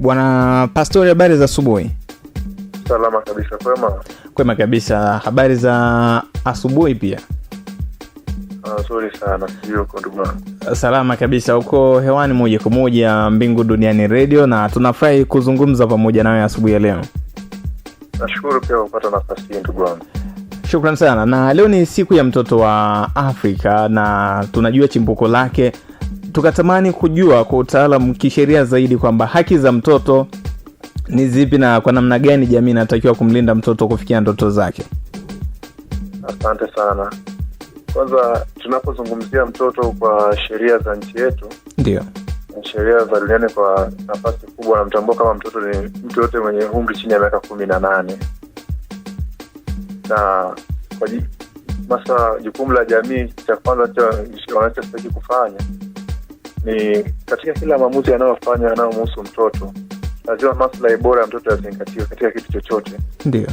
Bwana Pastori, habari za asubuhi? Salama kabisa. Kwema kwema kabisa. Habari za asubuhi pia. Ah, nzuri sana, sio ndugu Salama kabisa. huko hewani moja kwa moja Mbingu Duniani Radio, na tunafurahi kuzungumza pamoja nawe asubuhi ya leo. Nashukuru pia kupata nafasi hii ndugu wangu shukran sana. Na leo ni siku ya mtoto wa Afrika na tunajua chimbuko lake tukatamani kujua kwa utaalam kisheria zaidi kwamba haki za mtoto ni zipi na kwa namna gani jamii inatakiwa kumlinda mtoto kufikia ndoto zake asante sana kwanza tunapozungumzia mtoto kwa sheria za nchi yetu ndio sheria za duniani kwa nafasi kubwa anamtambua kama mtoto ni mtu yote mwenye umri chini ya miaka kumi na nane na kwa masa jukumu la jamii cha kwanza wanachostaki kufanya ni katika kila maamuzi yanayofanywa yanayomuhusu mtoto, lazima maslahi bora ya mtoto yazingatiwe katika kitu chochote. Ndio,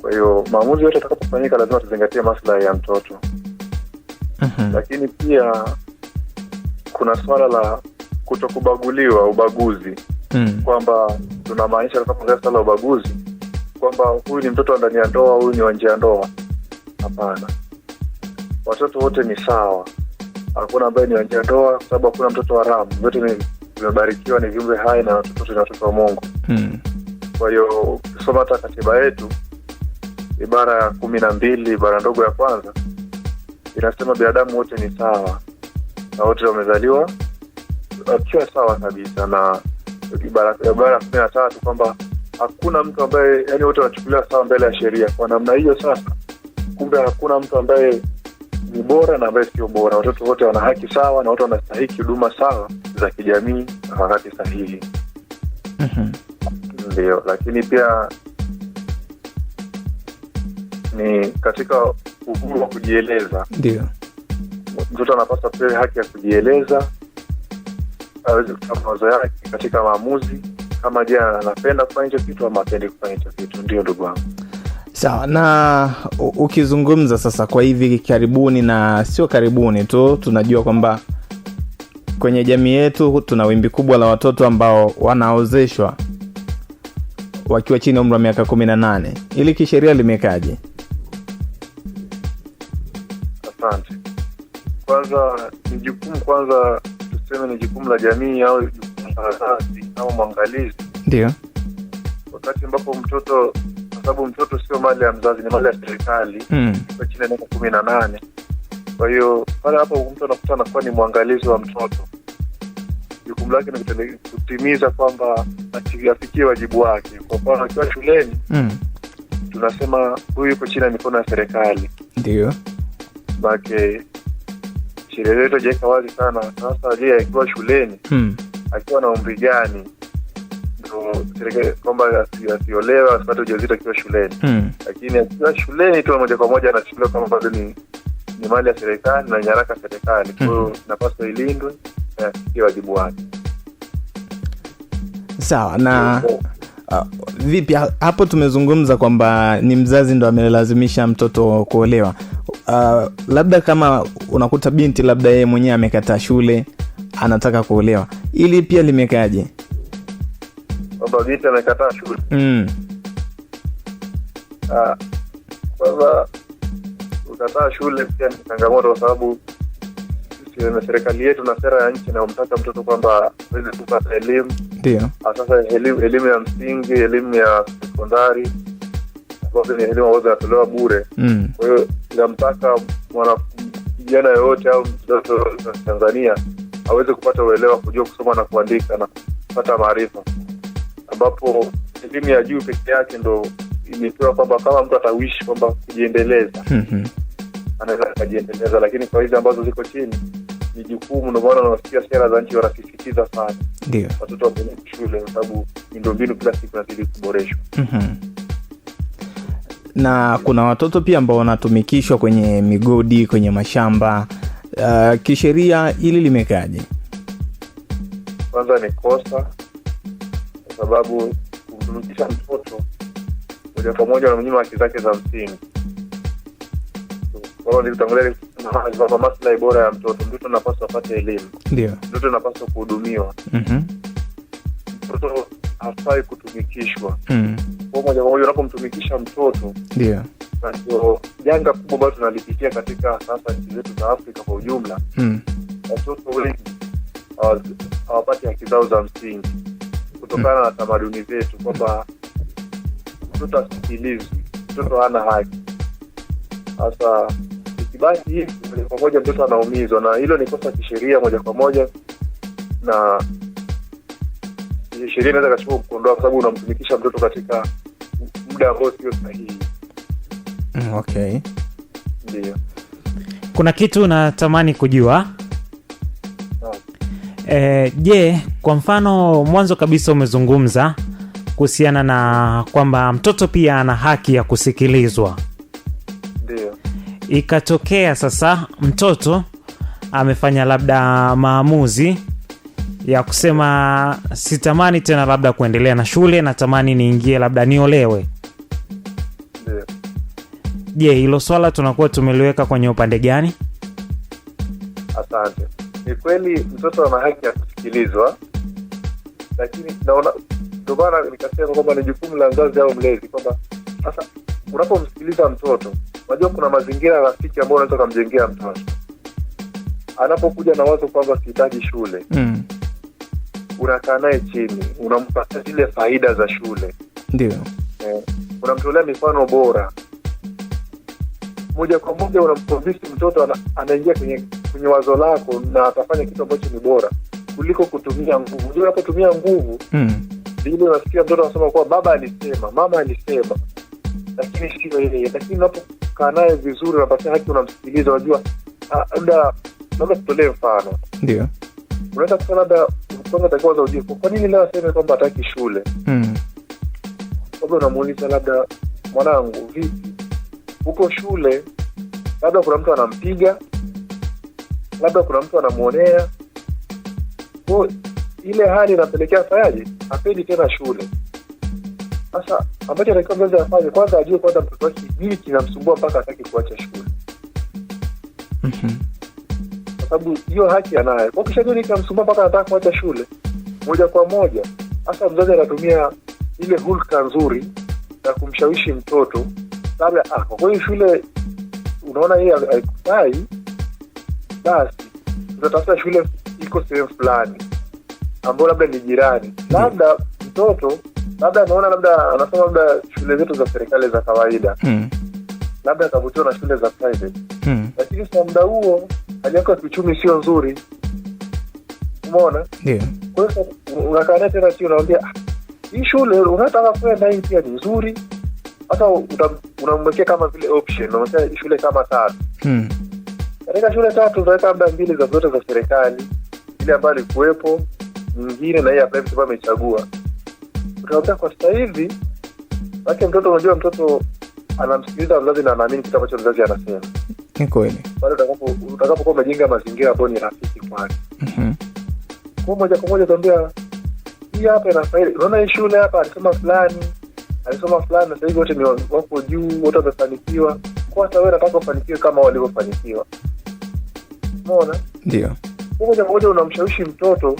kwa hiyo maamuzi yote atakapofanyika lazima tuzingatie maslahi ya mtoto. uh-huh. Lakini pia kuna swala la kutokubaguliwa, ubaguzi mm. kwamba tunamaanisha tunapongea swala la ubaguzi kwamba huyu ni mtoto wa ndani ya ndoa, huyu ni wa nje ya ndoa. Hapana, watoto wote ni sawa hakuna ambaye ni ndoa, kwa sababu hakuna mtoto wa ramu, vyote vimebarikiwa, ni viumbe hai na watoto ni watoto wa Mungu. hmm. Kwa hiyo ukisoma hata katiba yetu ibara ya kumi na mbili ibara ndogo ya kwanza inasema binadamu wote ni sawa na wote wamezaliwa wakiwa sawa kabisa, na ibara ya kumi na tatu kwamba hakuna mtu ambaye, yani wote wanachukuliwa sawa mbele ya sheria. Kwa namna hiyo sasa, kumbe hakuna mtu ambaye ni bora na ambaye sio bora. Watoto wote wana haki sawa na wote wanastahiki huduma sawa za kijamii na wakati sahihi. mm-hmm. Ndio, lakini pia ni katika uhuru wa kujieleza. Ndio, mtoto anapaswa pewe haki ya kujieleza, aweze kutoa mawazo yake katika maamuzi, kama je, anapenda kufanya hicho kitu ama apendi kufanya hicho kitu. Ndio ndugu wangu. Sawa, na ukizungumza sasa kwa hivi karibuni, na sio karibuni tu, tunajua kwamba kwenye jamii yetu tuna wimbi kubwa la watoto ambao wanaozeshwa wakiwa chini ya umri wa miaka 18. Ili kisheria limekaje? Asante. Kwanza ni jukumu kwanza, tuseme ni jukumu la jamii au jukumu la wazazi au mwangalizi, ndio wakati ambapo mtoto sababu mtoto sio mali ya mzazi, ni mali ya serikali mm. chini ya miaka kumi na nane. Kwa hiyo pale hapo mtu anakuta anakuwa ni mwangalizi wa mtoto, jukumu lake ni kutimiza kwamba afikie wajibu wake. Kwa mfano akiwa shuleni mm. tunasema huyu yuko chini ya mikono ya serikali, ndio make sheria zetu ajaweka wazi sana. Sasa je, akiwa shuleni mm. akiwa na umri gani kwamba asiolewa asipate ujauzito akiwa shuleni hmm. Lakini akiwa shuleni tu moja kwa moja anachukuliwa kama bado ni, ni mali ya serikali na nyaraka ya serikali hmm. Kwa ilindwe na asikie wajibu wake. Sawa na Uh, vipi hapo tumezungumza kwamba ni mzazi ndo amelazimisha mtoto kuolewa. Uh, labda kama unakuta binti labda yeye mwenyewe amekataa shule anataka kuolewa, ili pia limekaaje? kwamba vipi amekataa shule mm. Sasa ah, kukataa shule pia ni changamoto, kwa sababu serikali yetu na sera ya nchi inayomtaka mtoto kwamba aweze kupata elimu ndio ah, sasa elimu, elimu ya msingi, elimu ya sekondari ambazo ni elimu ambazo inatolewa bure. Mm. Kwa hiyo inamtaka mwana kijana yoyote au mtoto Tanzania aweze kupata uelewa, kujua kusoma na kuandika na kupata maarifa ambapo elimu ya juu peke yake ndo imepewa kwamba kama mtu atawishi kwamba kujiendeleza hmm, hmm. anaweza akajiendeleza, lakini kwa hizi ambazo ziko chini ni jukumu. ndomaana maana sera za nchi wanasisitiza sana ndio watoto wapeleke shule, kwa sababu miundombinu kila siku nazidi kuboreshwa. Hmm, na kuna watoto pia ambao wanatumikishwa kwenye migodi, kwenye mashamba. Uh, kisheria hili limekaje? Kwanza ni kosa sababu kumrudisha mtoto moja kwa moja unamnyima haki zake za msingi. Kwa nilitangulia maslahi bora ya mtoto, mtoto anapaswa apate elimu, mtoto anapaswa kuhudumiwa, mhm. mtoto hafai kutumikishwa. Mhm. Kwa moja kwa moja unapomtumikisha mtoto, ndio janga kubwa ambayo tunalipitia katika sasa nchi zetu za Afrika kwa ujumla. Mhm. Watoto wengi hawapati haki zao za msingi kutokana na tamaduni zetu kwamba mtoto asikilizwi, mtoto hana haki. Sasa ikibaki hivi moja kwa moja mtoto anaumizwa, na hilo ni kosa kisheria moja kwa moja, na sheria inaweza kachukua kukondoa kwa sababu unamtumikisha mtoto katika muda ambao sio sahihi. Mm, okay, ndio kuna kitu natamani kujua. Eh, je, Eh, yeah. Kwa mfano, mwanzo kabisa umezungumza kuhusiana na kwamba mtoto pia ana haki ya kusikilizwa. Ndio. Ikatokea sasa mtoto amefanya labda maamuzi ya kusema sitamani tena labda kuendelea na shule, natamani niingie labda niolewe. Je, hilo swala tunakuwa tumeliweka kwenye upande gani? Asante. Ni kweli mtoto ana haki ya kusikilizwa, lakini naona ndio maana nikasema kwamba ni jukumu la mzazi au mlezi kwamba sasa unapomsikiliza mtoto, unajua kuna mazingira rafiki ambayo unaweza ukamjengea mtoto anapokuja na wazo kwamba sihitaji shule mm. unakaa naye chini, unampatia zile faida za shule, ndio eh, unamtolea mifano bora moja kwa moja, unamkonvinsi mtoto anaingia kwenye kwenye wazo lako na atafanya kitu ambacho ni bora kuliko kutumia nguvu. Ndio unapotumia nguvu mm. unasikia mtoto anasema kuwa baba alisema, mama alisema, lakini sio yeye. Lakini unapokaa naye vizuri, unapatia haki, unamsikiliza, unajua ah, labda labda tutolee mfano, ndio unaweza kusema labda msonga takiwa za ujifu, kwa nini leo aseme kwamba hataki shule? mm. labda unamuuliza labda, mwanangu, vipi huko shule? Labda kuna mtu anampiga, labda kuna mtu anamwonea kwa ile hali inapelekea fayaje, apendi tena shule. Sasa ambacho anatakiwa mzazi afanye, kwanza ajue kwanza mtoto wake nini kinamsumbua mpaka ataki kuacha shule, mhm. kwa sababu hiyo haki anayo. Kwa nini kinamsumbua mpaka anataka kuacha shule, moja kwa moja hasa mzazi anatumia ile hulka nzuri ya kumshawishi mtoto, labda ah, kwa shule unaona yeye haikufai, basi utatafuta shule iko sehemu fulani ambao labda ni jirani, labda mtoto labda anaona labda anasoma labda shule zetu za serikali za kawaida mm. labda akavutiwa na shule za private mm. lakini kwa muda huo hali yako ya kiuchumi sio nzuri, umeona yeah. kwa hiyo unakaanea tena ti unaambia ah, hii shule unataka kwenda hii pia ni nzuri, hata unamwekea kama vile option, unamwekea shule kama tatu mm. katika shule tatu unaweka labda mbili za zote za serikali ile ambayo alikuwepo nyingine na hii ambayo mtu amechagua. Utaambia kwa sasa hivi, maanake mtoto, unajua mtoto anamsikiliza mzazi na anaamini kitu ambacho mzazi anasema. Ni kweli pale utakapokuwa umejenga mazingira ambayo ni rafiki kwake, mhm. kwa moja kwa moja utaambia hii hapa inastahili. Unaona hii shule hapa alisoma fulani alisoma fulani, sasa hivi wote ni wako juu, wote wamefanikiwa. Kwa sasa wewe nataka ufanikiwe kama walivyofanikiwa. Umeona? Ndio moja kwa moja unamshawishi mtoto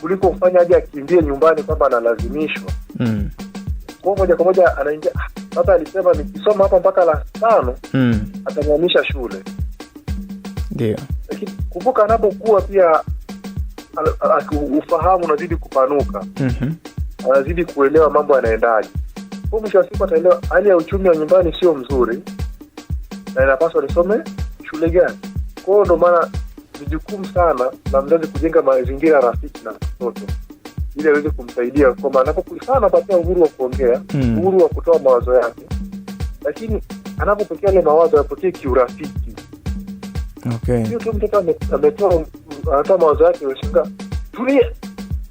kuliko kufanya aje akimbie nyumbani kwamba analazimishwa mm. kwao moja kwa moja anaingia sasa alisema nikisoma hapa mpaka la tano mm. atanyamisha shule ndio lakini kumbuka anapokuwa pia ufahamu unazidi kupanuka mm-hmm. anazidi kuelewa mambo yanaendaje kwa mwisho wa siku ataelewa hali ya uchumi wa nyumbani sio mzuri na inapaswa nisome shule gani kwao ndo maana ni jukumu sana na mzazi kujenga mazingira rafiki na mtoto ili aweze kumsaidia maana sana anapatia uhuru wa kuongea mm. uhuru wa kutoa mawazo yake, lakini anapopokea ale mawazo yapokee kiurafiki. Okay, tu mtoto ametoa anatoa mawazo yake shinga tulia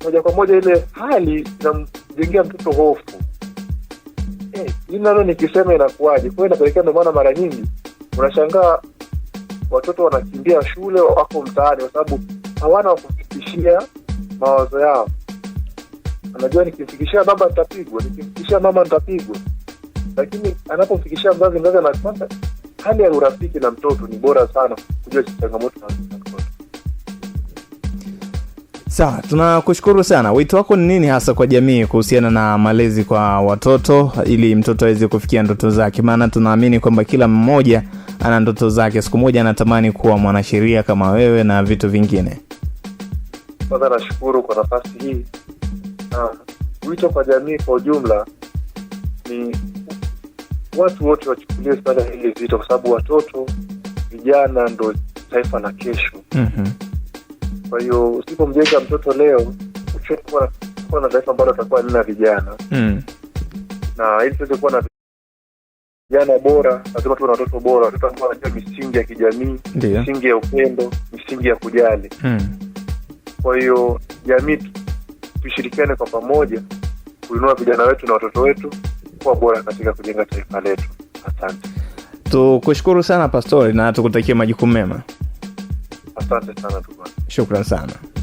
moja kwa moja, ile hali inamjengea mtoto hofu eh, hey, nalo nikisema inakuaji kwao inapelekea, ndomaana mara nyingi unashangaa watoto wanakimbia shule, wako mtaani, kwa sababu hawana wakufikishia mawazo yao. Anajua nikimfikishia mama nitapigwa, nikimfikishia mama nitapigwa, lakini anapomfikishia mzazi, mzazi anapata hali ya urafiki na mtoto. Ni bora sana kujua changamoto Sawa, tunakushukuru sana. Wito wako ni nini hasa kwa jamii kuhusiana na malezi kwa watoto, ili mtoto aweze kufikia ndoto zake? Maana tunaamini kwamba kila mmoja ana ndoto zake, siku moja anatamani kuwa mwanasheria kama wewe na vitu vingine. Kwanza nashukuru kwa nafasi hii. Wito kwa jamii kwa ujumla ni watu wote wachukulie sana hili vito kwa sababu watoto vijana ndo taifa la kesho. mm-hmm. Kwa hiyo usipomjenga mtoto leo kuwa na taifa ambalo atakuwa nina vijana mm. na ili tuweze kuwa na Vijana bora lazima tuwe na watoto bora, watoto ambao wanajua misingi ya kijamii, misingi ya upendo, misingi ya kujali. Hmm. Kwa hiyo jamii, tushirikiane kwa pamoja kuinua vijana wetu na watoto wetu kuwa bora katika kujenga taifa letu. Asante, tukushukuru sana Pastori na tukutakie majukumu mema. Asante sana, shukran sana.